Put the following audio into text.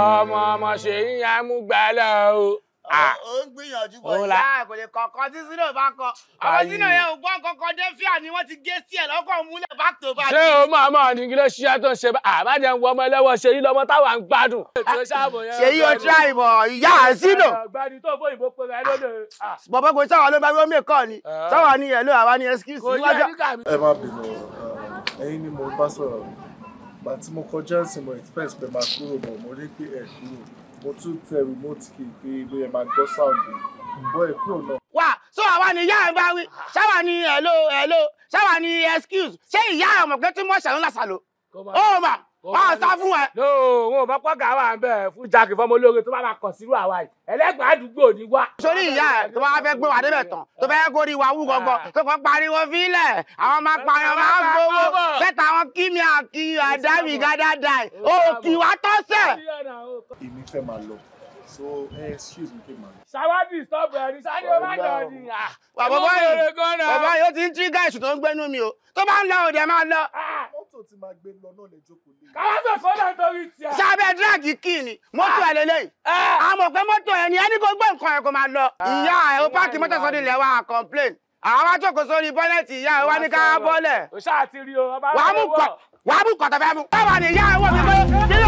ọmọ ọmọ ṣe ń yá mú gbà lọ o. ó ń gbìyànjú bọ̀ ìyá kò lè kọ̀ọ̀kan tí sínú bá kọ ọmọ sínú yẹn ò gbọ́n kankan dẹ́fíà ni wọ́n ti gé sí ẹ̀ lọ́kọ̀ múlẹ̀ bá tó bá. ṣé o máa máa ní kí ló ṣiṣẹ́ tó ń ṣe àbájá ń wọ ọmọ ẹlẹ́wọ̀n ṣe yín lọ́mọ táwa ń gbádùn. Ah, ṣe yí o tíra ìmọ̀ ìyá sínú. bọ̀bọ̀ kò sáwọn ló bá wọ́n mè kọ́ ni sáwọn ni ẹ̀ ló àwa ni ẹ gbà tí mo kọjá sí mo expect pé máa kúrò bọ̀ mo ní pé ẹ̀ kúrò mo tún tẹ remote key pé bóyá máa gbọ́ sound bọ́ ẹ̀ kúrò náà. wà so àwa ni ìyá ẹ̀ bá wí ṣáwa ni hello hello ṣáwa ni excuse ṣé ìyá ọmọ pé tí mo ṣàlùlàṣàlù ó mà wọ́n ah, sá fún ẹ. no wọn ò bá pọ́kà wà ń bẹ̀ fún jákè fọmọ olóore tó bá máa kàn sírú àwa yìí ẹlẹ́gbàá àdúgbò ni wá. sórí ìyá ẹ tó bá fẹ́ gbé wa débẹ̀ tán tó fẹ́ gorí wa wú gọgọ tó kàn pariwo fílẹ̀ àwọn máa pariwo máa ń gbowó bẹ́tà àwọn kí mi àkí àdámì gádàdà òkì wa tọ́sẹ̀. èmi fẹ́ máa lọ so eh, excuse me kí n máa. ṣàwádìí stop ẹni sáré o máa jọ ni. bàbá yóò ti ń tírígà ìṣù tó ń gbénú mi o tó bá ń lọ òde máa lọ. Ah, mọ́tò tí máa gbé lọ náà lè jókòó lé. kàwáṣọ sọ́dà torí tiẹ̀. sábẹ́ dírẹ́gì kì ni mọ́tò ẹ̀ lélẹ́yìí. àmọ̀ ah. pé mọ́tò ẹ̀ ni ẹni kò gbé nǹkan ẹ̀ kò máa lọ. Ah. ìyá ẹ̀ o páàkì mọ́tò sọ́dọ̀ ilẹ̀ wa complain. àwọn wá jókòó sórí bọ́nẹ́ẹ̀tì ìyá ẹ̀ wá ní ká bọ́lẹ̀. wàá mú kọ̀tà fẹ́ mu. táwa ni ìyá ẹ̀ wọ̀ mí